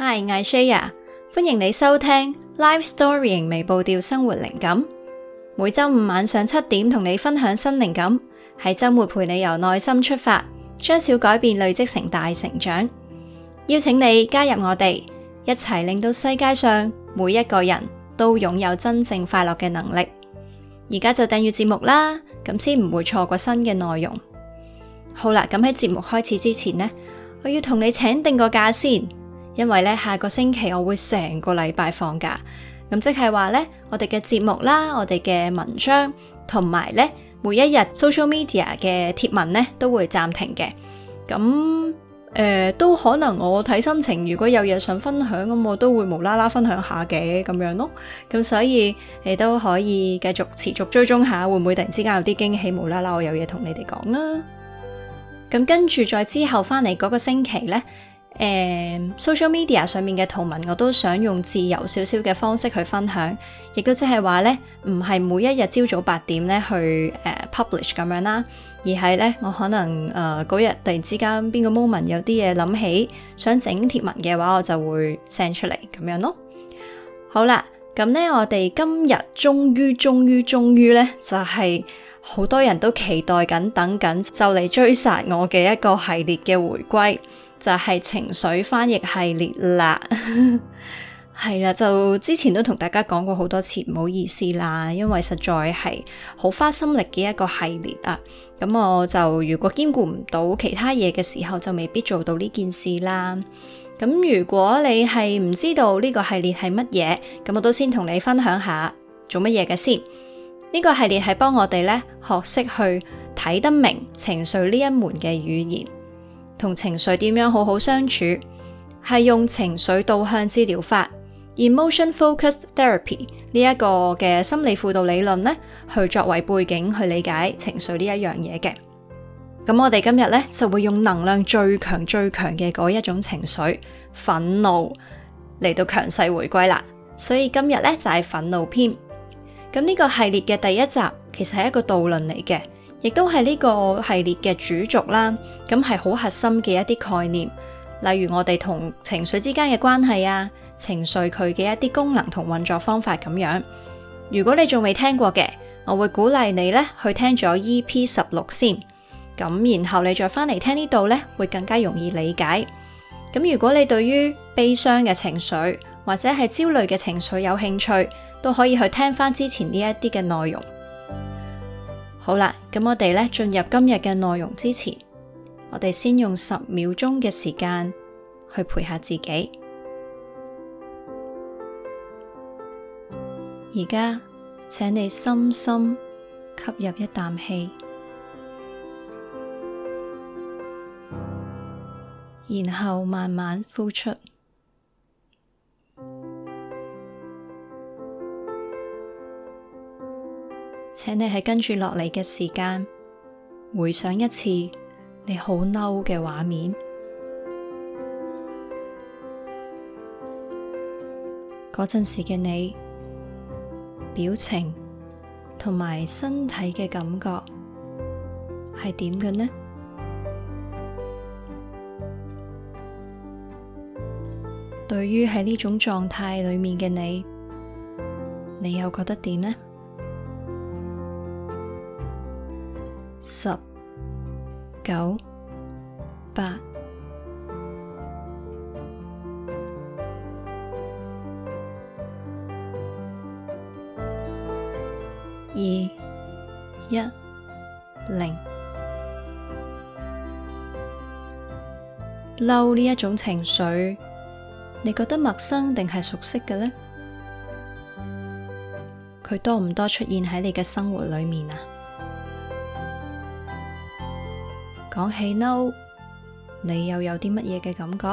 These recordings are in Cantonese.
Hi，我係 Shaya，歡迎你收聽 Life Storying 微步調生活靈感，每周五晚上七點同你分享新靈感，喺周末陪你由內心出發，將小改變累積成大成長。邀請你加入我哋一齊令到世界上每一個人都擁有真正快樂嘅能力。而家就訂閱節目啦，咁先唔會錯過新嘅內容。好啦，咁喺節目開始之前呢，我要同你請定個假先。因為咧，下個星期我會成個禮拜放假，咁即係話咧我哋嘅節目啦、我哋嘅文章同埋咧每一日 social media 嘅貼文咧都會暫停嘅，咁誒、呃、都可能我睇心情，如果有嘢想分享，咁我都會無啦啦分享下嘅咁樣咯，咁所以你都可以繼續持續追蹤下，會唔會突然之間有啲驚喜無啦啦我有嘢同你哋講啦。咁跟住再之後翻嚟嗰個星期咧，誒、um, social media 上面嘅圖文，我都想用自由少少嘅方式去分享，亦都即係話呢，唔係每一日朝早八點咧去誒、uh, publish 咁樣啦，而係呢，我可能誒嗰日突然之間邊個 moment 有啲嘢諗起，想整貼文嘅話，我就會 send 出嚟咁樣咯。好啦，咁呢，我哋今日終於終於終於呢，就係、是、好多人都期待緊等緊，就嚟追殺我嘅一個系列嘅回歸。就係情緒翻譯系列啦，係 啦，就之前都同大家講過好多次，唔好意思啦，因為實在係好花心力嘅一個系列啊。咁我就如果兼顧唔到其他嘢嘅時候，就未必做到呢件事啦。咁如果你係唔知道呢個系列係乜嘢，咁我都先同你分享下做乜嘢嘅先。呢個系列係幫我哋咧學識去睇得明情緒呢一門嘅語言。同情緒點樣好好相處，係用情緒導向治療法 （emotion focused therapy） 呢一個嘅心理輔導理論咧，去作為背景去理解情緒呢一樣嘢嘅。咁我哋今日咧就會用能量最強、最強嘅嗰一種情緒——憤怒，嚟到強勢回歸啦。所以今日咧就係憤怒篇。咁呢個系列嘅第一集其實係一個導論嚟嘅。亦都係呢個系列嘅主軸啦，咁係好核心嘅一啲概念，例如我哋同情緒之間嘅關係啊，情緒佢嘅一啲功能同運作方法咁樣。如果你仲未聽過嘅，我會鼓勵你咧去聽咗 E.P. 十六先，咁然後你再翻嚟聽呢度咧，會更加容易理解。咁如果你對於悲傷嘅情緒或者係焦慮嘅情緒有興趣，都可以去聽翻之前呢一啲嘅內容。好啦，咁我哋咧進入今日嘅內容之前，我哋先用十秒鐘嘅時間去陪下自己。而家請你深深吸入一啖氣，然後慢慢呼出。請你喺跟住落嚟嘅時間回想一次你好嬲嘅畫面，嗰陣時嘅你，表情同埋身體嘅感覺係點嘅呢？對於喺呢種狀態裏面嘅你，你又覺得點呢？十、九、八、二、一、零，嬲呢一種情緒，你覺得陌生定係熟悉嘅呢？佢多唔多出現喺你嘅生活裏面啊？講起嬲，你又有啲乜嘢嘅感覺？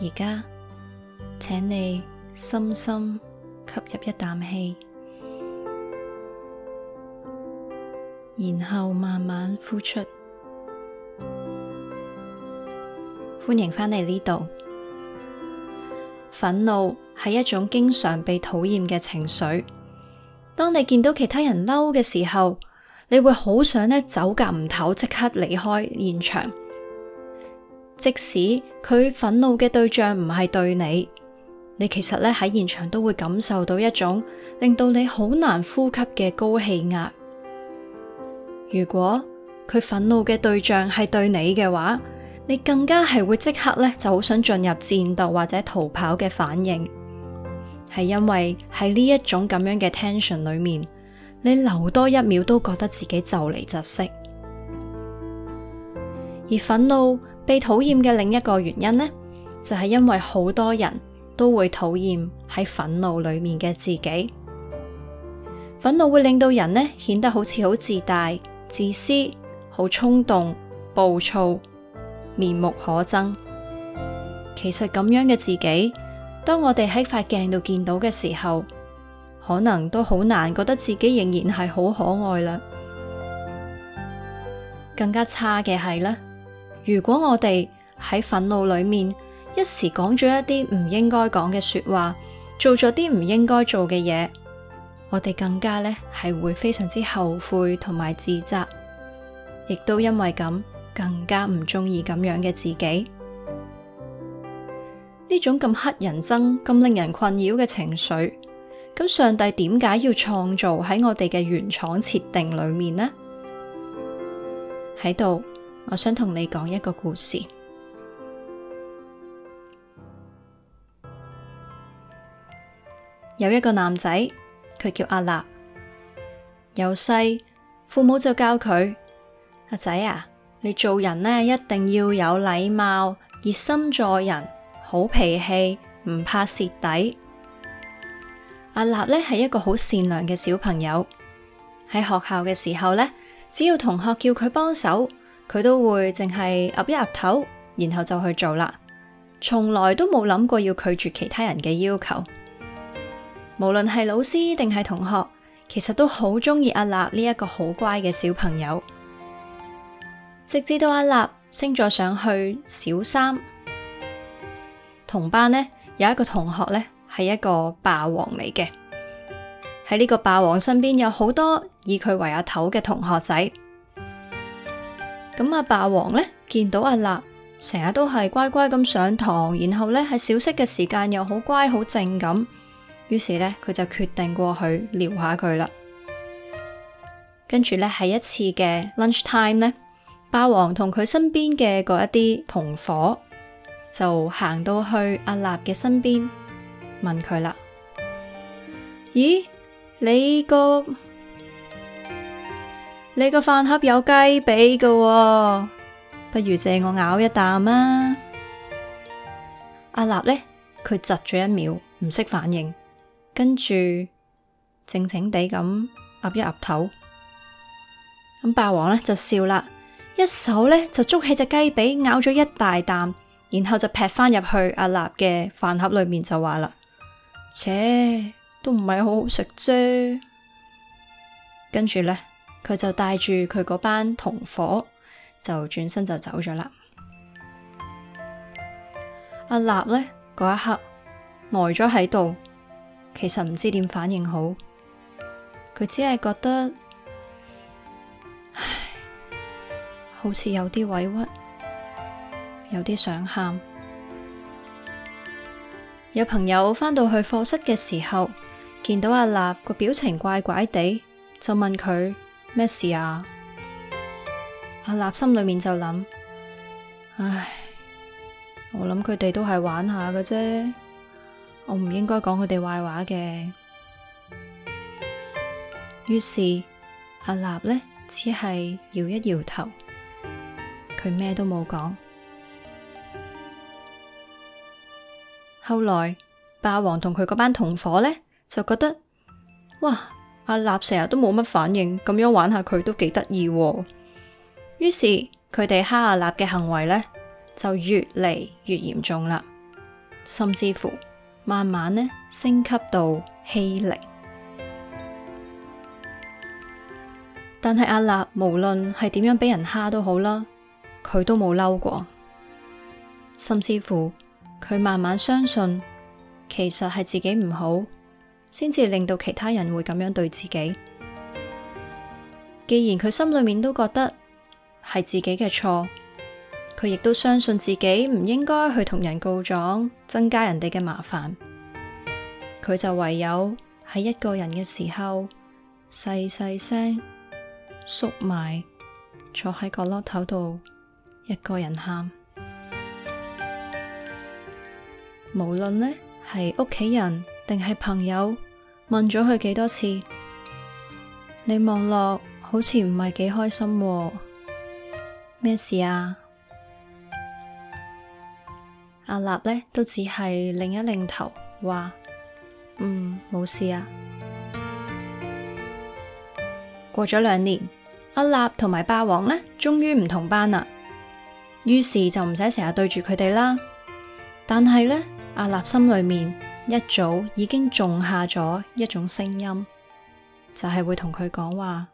而家請你深深吸入一啖氣，然後慢慢呼出。歡迎翻嚟呢度。憤怒係一種經常被討厭嘅情緒。當你見到其他人嬲嘅時候，你會好想咧走夾唔唞，即刻離開現場。即使佢憤怒嘅對象唔係對你，你其實咧喺現場都會感受到一種令到你好難呼吸嘅高氣壓。如果佢憤怒嘅對象係對你嘅話，你更加係會即刻咧就好想進入戰鬥或者逃跑嘅反應。係因為喺呢一種咁樣嘅 tension 裏面，你留多一秒都覺得自己就嚟窒息。而憤怒被討厭嘅另一個原因呢，就係因為好多人都會討厭喺憤怒裏面嘅自己。憤怒會令到人呢顯得好似好自大、自私、好衝動、暴躁、面目可憎。其實咁樣嘅自己。當我哋喺塊鏡度見到嘅時候，可能都好難覺得自己仍然係好可愛啦。更加差嘅係咧，如果我哋喺憤怒裏面，一時講咗一啲唔應該講嘅說話，做咗啲唔應該做嘅嘢，我哋更加咧係會非常之後悔同埋自責，亦都因為咁更加唔中意咁樣嘅自己。呢種咁乞人憎、咁令人困擾嘅情緒，咁上帝點解要創造喺我哋嘅原廠設定裏面呢？喺度，我想同你講一個故事。有一個男仔，佢叫阿立，由細父母就教佢：阿仔啊，你做人呢一定要有禮貌，熱心助人。好脾氣唔怕蝕底，阿立呢係一個好善良嘅小朋友。喺學校嘅時候呢，只要同學叫佢幫手，佢都會淨係岌一岌頭，然後就去做啦。從來都冇諗過要拒絕其他人嘅要求。無論係老師定係同學，其實都好中意阿立呢一個好乖嘅小朋友。直至到阿立升咗上去小三。同班呢，有一個同學呢，係一個霸王嚟嘅，喺呢個霸王身邊有好多以佢為阿頭嘅同學仔。咁阿霸王呢，見到阿立，成日都係乖乖咁上堂，然後呢，喺小息嘅時間又好乖好靜咁。於是呢，佢就決定過去撩下佢啦。跟住呢，係一次嘅 lunch time 呢，霸王同佢身邊嘅嗰一啲同夥。就行到去阿立嘅身邊，問佢啦：咦，你個你個飯盒有雞髀嘅喎，不如借我咬一啖啊！阿立呢，佢窒咗一秒，唔識反應，跟住靜靜地咁岌一岌頭。咁霸王呢就笑啦，一手呢就捉起隻雞髀咬咗一大啖。然後就劈翻入去阿立嘅飯盒裏面，就話啦，切，都唔係好好食啫。跟住咧，佢就帶住佢嗰班同伙就轉身就走咗啦。阿立咧，嗰一刻呆咗喺度，其實唔知點反應好。佢只係覺得，唉，好似有啲委屈。有啲想喊。有朋友返到去課室嘅時候，見到阿立個表情怪怪地，就問佢咩事啊？阿立心裏面就諗：唉，我諗佢哋都係玩下嘅啫，我唔應該講佢哋壞話嘅。於是阿立呢，只係搖一搖頭，佢咩都冇講。後來霸王同佢嗰班同伙呢，就覺得哇，阿立成日都冇乜反應，咁樣玩下佢都幾得意。於是佢哋蝦阿立嘅行為呢，就越嚟越嚴重啦，甚至乎慢慢呢升級到欺凌。但係阿立無論係點樣俾人蝦都好啦，佢都冇嬲過，甚至乎。佢慢慢相信，其實係自己唔好，先至令到其他人會咁樣對自己。既然佢心裏面都覺得係自己嘅錯，佢亦都相信自己唔應該去同人告狀，增加人哋嘅麻煩。佢就唯有喺一個人嘅時候，細細聲縮埋坐喺角落頭度，一個人喊。無論呢係屋企人定係朋友，問咗佢幾多次，你望落好似唔係幾開心，咩事啊？阿立呢都只係擰一擰頭，話嗯冇事啊。過咗兩年，阿立同埋霸王呢終於唔同班啦，於是就唔使成日對住佢哋啦。但係呢。阿立心裏面一早已經種下咗一種聲音，就係會同佢講話，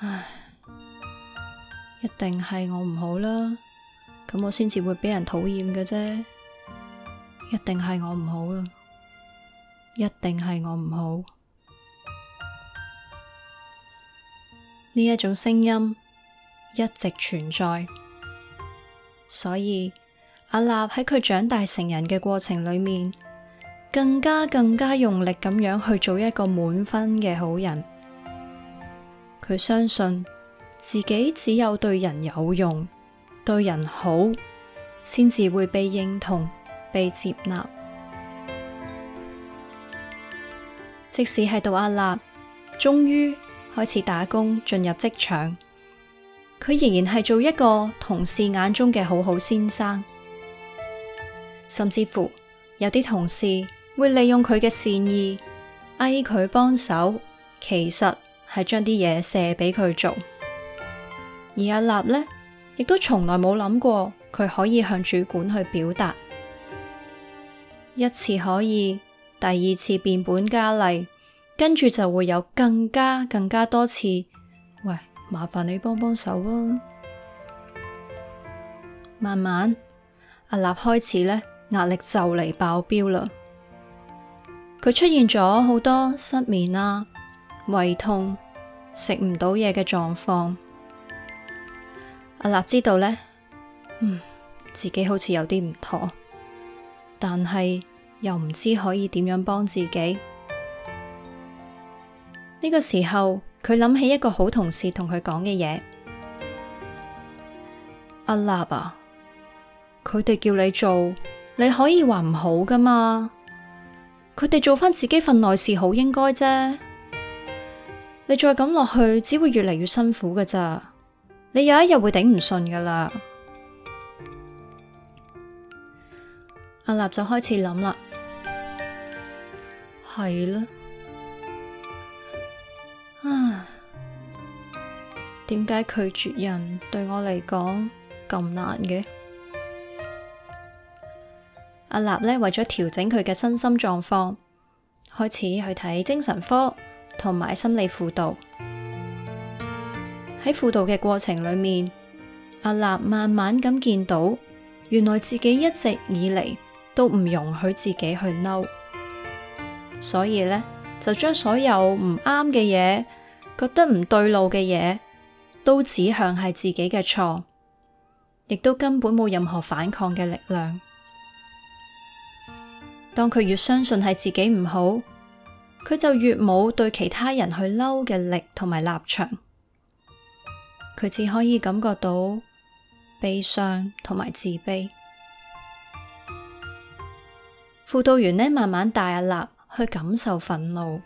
唉，一定係我唔好啦，咁我先至會畀人討厭嘅啫，一定係我唔好啦，一定係我唔好。呢一種聲音一直存在，所以。阿立喺佢長大成人嘅過程裏面，更加更加用力咁樣去做一個滿分嘅好人。佢相信自己只有對人有用、對人好，先至會被認同、被接納。即使係到阿立終於開始打工進入職場，佢仍然係做一個同事眼中嘅好好先生。甚至乎有啲同事會利用佢嘅善意，嗌佢幫手，其實係將啲嘢卸俾佢做。而阿立呢，亦都從來冇諗過佢可以向主管去表達。一次可以，第二次變本加厲，跟住就會有更加更加多次，喂，麻煩你幫幫手啊！慢慢，阿立開始呢。壓力就嚟爆表啦！佢出現咗好多失眠啦、啊、胃痛、食唔到嘢嘅狀況。阿立知道呢，嗯，自己好似有啲唔妥，但係又唔知可以點樣幫自己。呢、這個時候，佢諗起一個好同事同佢講嘅嘢。阿立啊，佢哋叫你做，你可以話唔好噶嘛？佢哋做翻自己份內事，好應該啫。你再咁落去，只會越嚟越辛苦噶咋。你有一日會頂唔順噶啦。阿立就開始諗啦，係啦，啊，點解拒絕人對我嚟講咁難嘅？阿立呢，為咗調整佢嘅身心狀況，開始去睇精神科同埋心理輔導。喺輔導嘅過程裏面，阿立慢慢咁見到，原來自己一直以嚟都唔容許自己去嬲，所以呢就將所有唔啱嘅嘢，覺得唔對路嘅嘢，都指向係自己嘅錯，亦都根本冇任何反抗嘅力量。當佢越相信係自己唔好，佢就越冇對其他人去嬲嘅力同埋立場，佢只可以感覺到悲傷同埋自卑。輔導員呢，慢慢帶阿立去感受憤怒，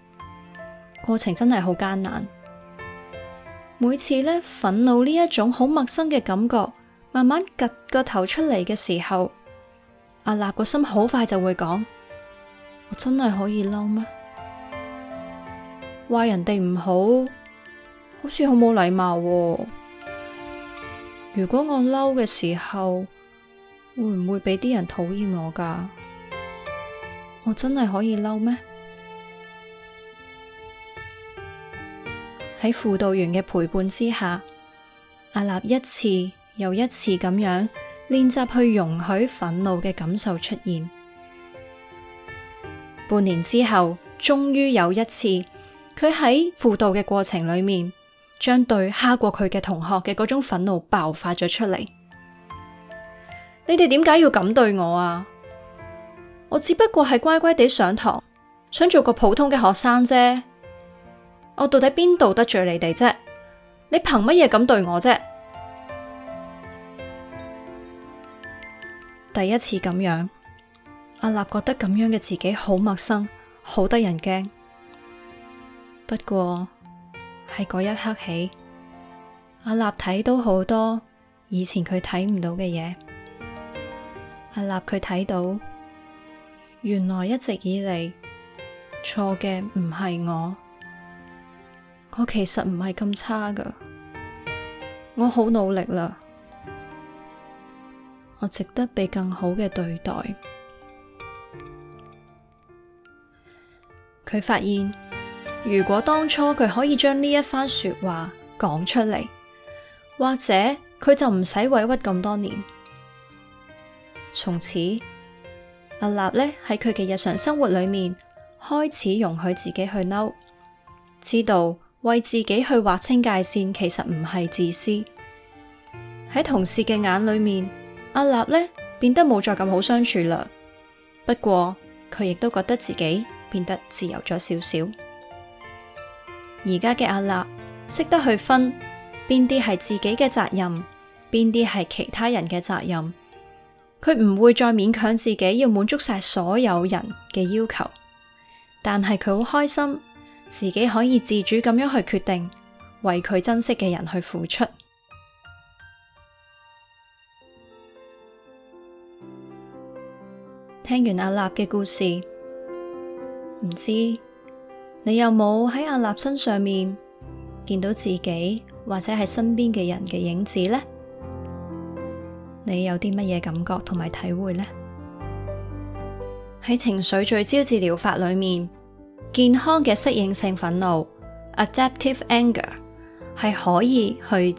過程真係好艱難。每次呢，憤怒呢一種好陌生嘅感覺，慢慢岌個頭出嚟嘅時候，阿立個心好快就會講。我真係可以嬲咩？話人哋唔好，好似好冇禮貌喎。如果我嬲嘅時候，會唔會俾啲人討厭我噶？我真係可以嬲咩？喺輔導員嘅陪伴之下，阿立一次又一次咁樣練習去容許憤怒嘅感受出現。半年之後，終於有一次，佢喺輔導嘅過程裏面，將對蝦過佢嘅同學嘅嗰種憤怒爆發咗出嚟。 你哋點解要咁對我啊？我只不過係乖乖地上堂，想做個普通嘅學生啫。我到底邊度得罪你哋啫？你憑乜嘢咁對我啫？第一次咁樣。阿立覺得咁樣嘅自己好陌生，好得人驚。不過喺嗰一刻起，阿立睇到好多以前佢睇唔到嘅嘢。阿立佢睇到，原來一直以嚟錯嘅唔係我，我其實唔係咁差㗎，我好努力啦，我值得被更好嘅對待。佢發現，如果當初佢可以將呢一番話說話講出嚟，或者佢就唔使委屈咁多年。從此，阿立呢喺佢嘅日常生活裏面開始容許自己去嬲，知道為自己去劃清界線，其實唔係自私。喺同事嘅眼裏面，阿立呢變得冇再咁好相處啦。不過佢亦都覺得自己。變得自由咗少少，而家嘅阿納識得去分邊啲係自己嘅責任，邊啲係其他人嘅責任。佢唔會再勉強自己要滿足晒所有人嘅要求，但係佢好開心自己可以自主咁樣去決定，為佢珍惜嘅人去付出。聽完阿納嘅故事。唔知你有冇喺阿立身上面見到自己或者係身邊嘅人嘅影子呢？你有啲乜嘢感覺同埋體會呢？喺情緒聚焦治療法裏面，健康嘅適應性憤怒 （adaptive anger） 係可以去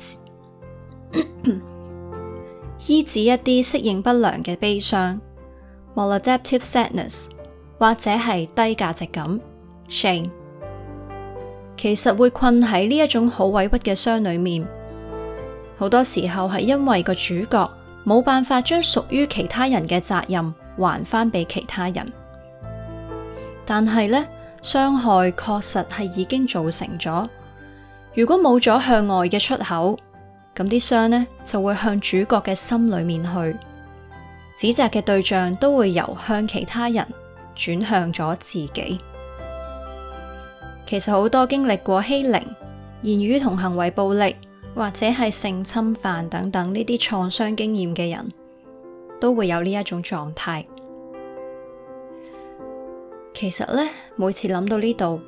醫治一啲適應不良嘅悲傷 m a a d a p t i v e sadness）。或者係低價值感，成其實會困喺呢一種好委屈嘅傷裏面。好多時候係因為個主角冇辦法將屬於其他人嘅責任還翻俾其他人，但係呢，傷害確實係已經造成咗。如果冇咗向外嘅出口，咁啲傷呢就會向主角嘅心裏面去。指責嘅對象都會由向其他人。轉向咗自己，其實好多經歷過欺凌、言語同行為暴力，或者係性侵犯等等呢啲創傷經驗嘅人，都會有呢一種狀態。其實呢，每次諗到呢度，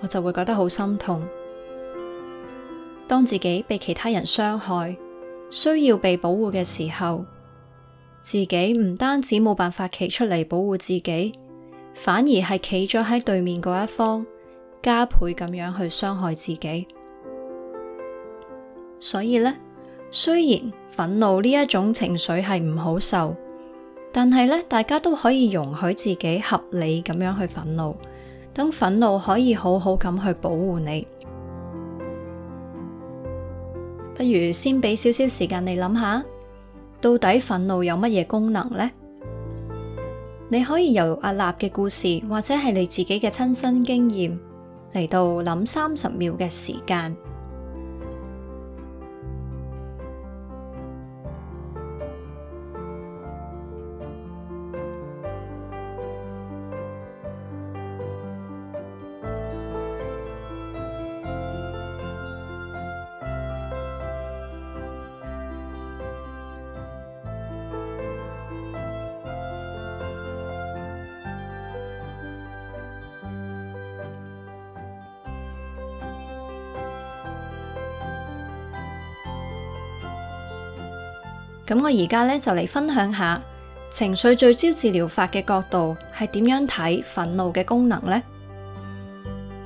我就會覺得好心痛。當自己被其他人傷害，需要被保護嘅時候，自己唔單止冇辦法企出嚟保護自己，反而係企咗喺對面嗰一方，加倍咁樣去傷害自己。所以呢，雖然憤怒呢一種情緒係唔好受，但係呢，大家都可以容許自己合理咁樣去憤怒，等憤怒可以好好咁去保護你。不如先俾少少時間你諗下。到底憤怒有乜嘢功能呢？你可以由阿立嘅故事，或者係你自己嘅親身經驗，嚟到諗三十秒嘅時間。咁我而家呢就嚟分享下情緒聚焦治療法嘅角度，係點樣睇憤怒嘅功能呢？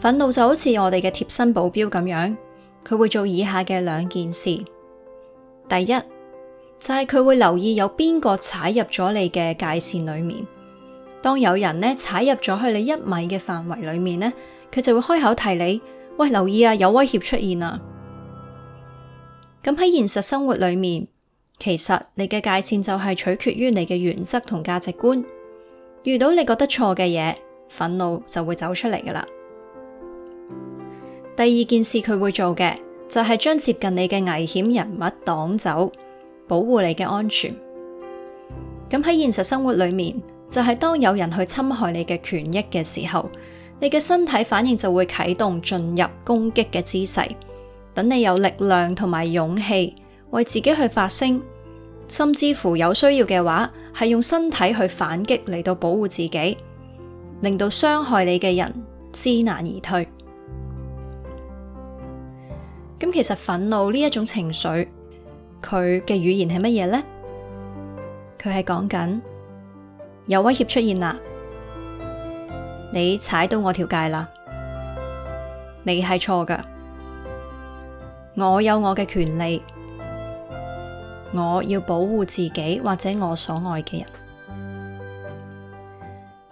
憤怒就好似我哋嘅貼身保鏢咁樣，佢會做以下嘅兩件事。第一就係佢會留意有邊個踩入咗你嘅界線裏面。當有人呢，踩入咗去你一米嘅範圍裏面呢，佢就會開口提你喂，留意啊，有威脅出現啊。咁喺現實生活裏面。其實你嘅界線就係取決於你嘅原則同價值觀。遇到你覺得錯嘅嘢，憤怒就會走出嚟㗎喇。第二件事佢會做嘅就係、是、將接近你嘅危險人物擋走，保護你嘅安全。咁喺現實生活裏面，就係、是、當有人去侵害你嘅權益嘅時候，你嘅身體反應就會啟動進入攻擊嘅姿勢，等你有力量同埋勇氣，為自己去發聲，甚至乎有需要嘅話，係用身體去反擊嚟到保護自己，令到傷害你嘅人知難而退。咁其實憤怒呢一種情緒，佢嘅語言係乜嘢呢？佢係講緊有威脅出現啦，你踩到我條界啦，你係錯噶，我有我嘅權利。我要保護自己或者我所愛嘅人，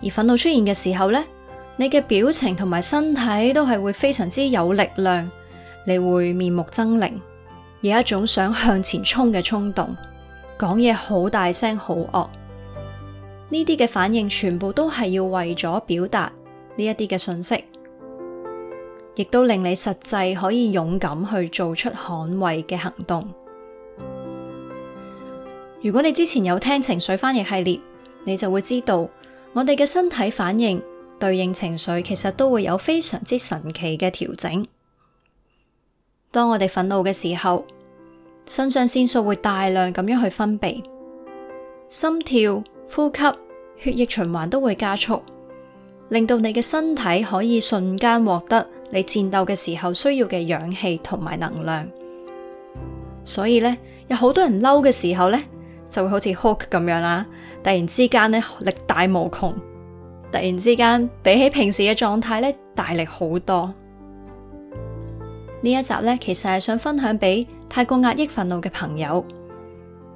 而憤怒出現嘅時候呢，你嘅表情同埋身體都係會非常之有力量，你會面目猙獰，有一種想向前衝嘅衝動，講嘢好大聲好惡，呢啲嘅反應全部都係要為咗表達呢一啲嘅信息，亦都令你實際可以勇敢去做出捍衛嘅行動。如果你之前有聽情緒翻譯系列，你就會知道我哋嘅身體反應對應情緒，其實都會有非常之神奇嘅調整。當我哋憤怒嘅時候，腎上腺素會大量咁樣去分泌，心跳、呼吸、血液循環都會加速，令到你嘅身體可以瞬間獲得你戰鬥嘅時候需要嘅氧氣同埋能量。所以呢，有好多人嬲嘅時候呢。就會好似 Hulk 咁樣啦，突然之間呢，力大無窮，突然之間比起平時嘅狀態呢，大力好多。呢一集呢，其實係想分享俾太過壓抑憤怒嘅朋友，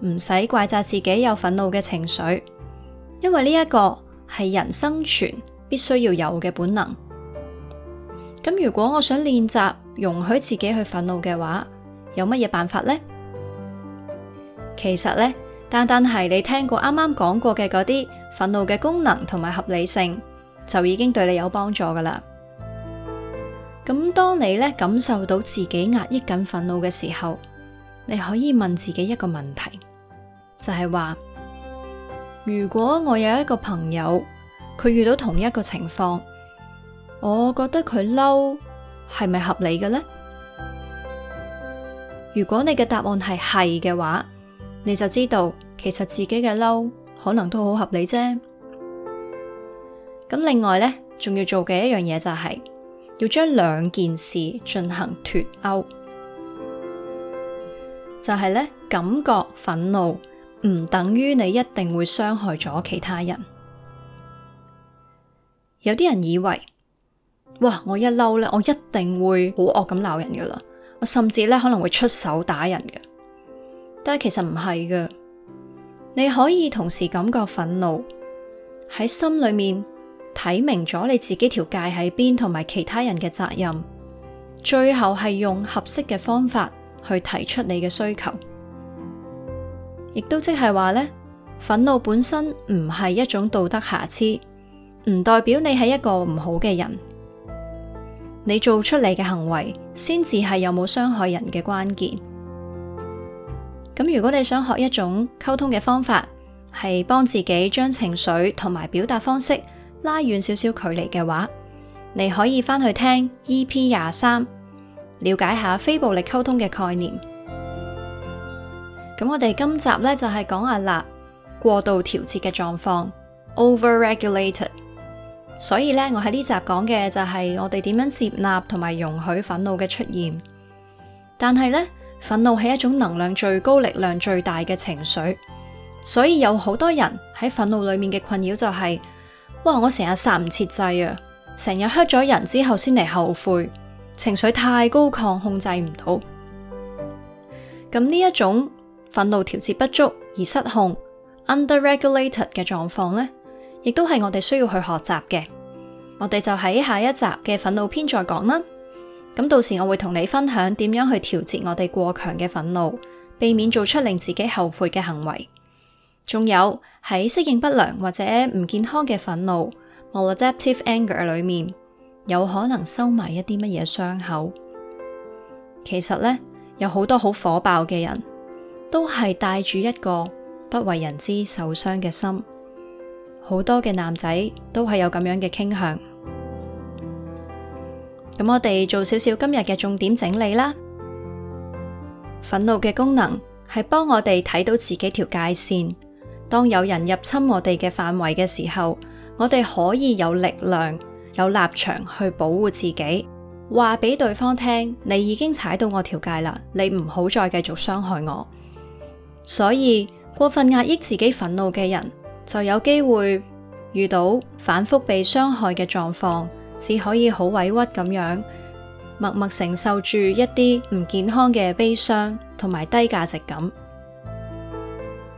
唔使怪責自己有憤怒嘅情緒，因為呢一個係人生存必須要有嘅本能。咁如果我想練習容許自己去憤怒嘅話，有乜嘢辦法呢？其實呢。單單係你聽過啱啱講過嘅嗰啲憤怒嘅功能同埋合理性，就已經對你有幫助噶啦。咁當你咧感受到自己壓抑緊憤怒嘅時候，你可以問自己一個問題，就係話：如果我有一個朋友，佢遇到同一個情況，我覺得佢嬲係咪合理嘅呢？如果你嘅答案係係嘅話，你就知道，其實自己嘅嬲可能都好合理啫。咁另外呢，仲要做嘅一樣嘢就係要將兩件事進行脫鈎，就係呢，感覺憤怒唔等於你一定會傷害咗其他人。有啲人以為，哇，我一嬲呢，我一定會好惡咁鬧人噶啦，我甚至呢可能會出手打人嘅。但其實唔係嘅，你可以同時感覺憤怒，喺心裏面睇明咗你自己條界喺邊，同埋其他人嘅責任，最後係用合適嘅方法去提出你嘅需求，亦都即係話呢：憤怒本身唔係一種道德瑕疵，唔代表你係一個唔好嘅人，你做出嚟嘅行為先至係有冇傷害人嘅關鍵。咁如果你想學一種溝通嘅方法，係幫自己將情緒同埋表達方式拉遠少少距離嘅話，你可以翻去聽 EP 廿三，了解下非暴力溝通嘅概念。咁我哋今集咧就係、是、講阿立過度調節嘅狀況 （overregulated）。所以咧，我喺呢集講嘅就係我哋點樣接納同埋容許憤怒嘅出現，但係咧。憤怒係一種能量最高、力量最大嘅情緒，所以有好多人喺憤怒裏面嘅困擾就係、是、哇，我成日殺唔切掣啊，成日黑咗人之後先嚟後悔，情緒太高亢，控制唔到。咁呢一種憤怒調節不足而失控 （under regulated） 嘅狀況呢，亦都係我哋需要去學習嘅。我哋就喺下一集嘅憤怒篇再講啦。咁到時我會同你分享點樣去調節我哋過強嘅憤怒，避免做出令自己後悔嘅行為。仲有喺適應不良或者唔健康嘅憤怒 （maladaptive anger） 裏面，有可能收埋一啲乜嘢傷口。其實呢，有好多好火爆嘅人都係帶住一個不為人知受傷嘅心。好多嘅男仔都係有咁樣嘅傾向。咁我哋做少少今日嘅重點整理啦。憤怒嘅功能係幫我哋睇到自己條界線。當有人入侵我哋嘅範圍嘅時候，我哋可以有力量、有立場去保護自己，話俾對方聽：你已經踩到我條界啦，你唔好再繼續傷害我。所以，過分壓抑自己憤怒嘅人，就有機會遇到反復被傷害嘅狀況。只可以好委屈咁樣，默默承受住一啲唔健康嘅悲傷同埋低價值感。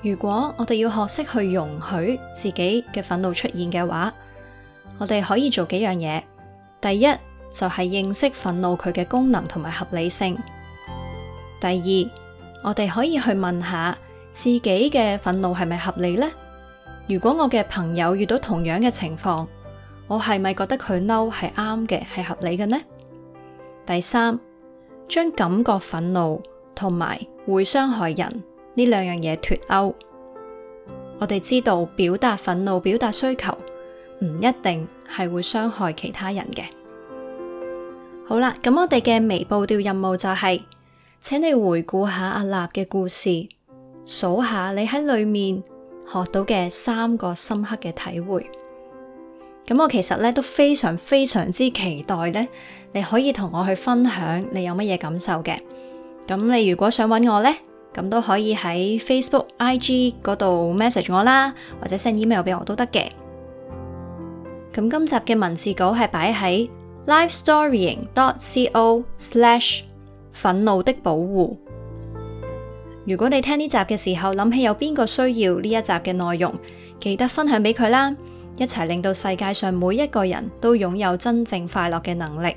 如果我哋要學識去容許自己嘅憤怒出現嘅話，我哋可以做幾樣嘢。第一就係認識憤怒佢嘅功能同埋合理性。第二，我哋可以去問下自己嘅憤怒係咪合理呢？如果我嘅朋友遇到同樣嘅情況。我係咪覺得佢嬲係啱嘅，係合理嘅呢？第三，將感覺憤怒同埋會傷害人呢兩樣嘢脱鈎。我哋知道表達憤怒、表達需求唔一定係會傷害其他人嘅。好啦，咁我哋嘅微步調任務就係、是，請你回顧下阿立嘅故事，數下你喺裡面學到嘅三個深刻嘅體會。咁我其實咧都非常非常之期待咧，你可以同我去分享你有乜嘢感受嘅。咁你如果想揾我呢，咁都可以喺 Facebook、IG 嗰度 message 我啦，或者 send email 俾我都得嘅。咁今集嘅文字稿係擺喺 lifestorying.co/ 憤怒的保護。如果你聽呢集嘅時候諗起有邊個需要呢一集嘅內容，記得分享俾佢啦。一齊令到世界上每一個人都擁有真正快樂嘅能力。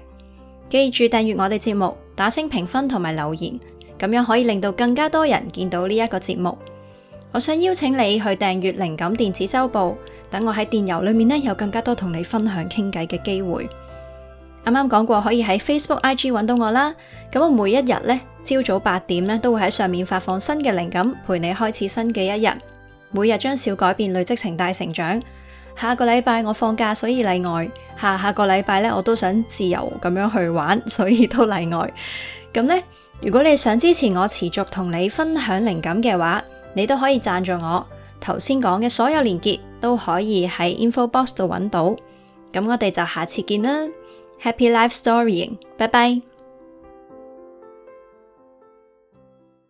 記住訂閱我哋節目、打星評分同埋留言，咁樣可以令到更加多人見到呢一個節目。我想邀請你去訂閱靈感電子週報，等我喺電郵裏面呢有更加多同你分享傾偈嘅機會。啱啱講過可以喺 Facebook、IG 搵到我啦，咁我每一日呢，朝早八點呢都會喺上面發放新嘅靈感，陪你開始新嘅一日。每日將小改變累積成大成長。下個禮拜我放假，所以例外。下下個禮拜咧，我都想自由咁樣去玩，所以都例外。咁 呢，如果你想支持我持續同你分享靈感嘅話，你都可以贊助我。頭先講嘅所有連結都可以喺 info box 度揾到。咁我哋就下次見啦。Happy life storying，拜拜。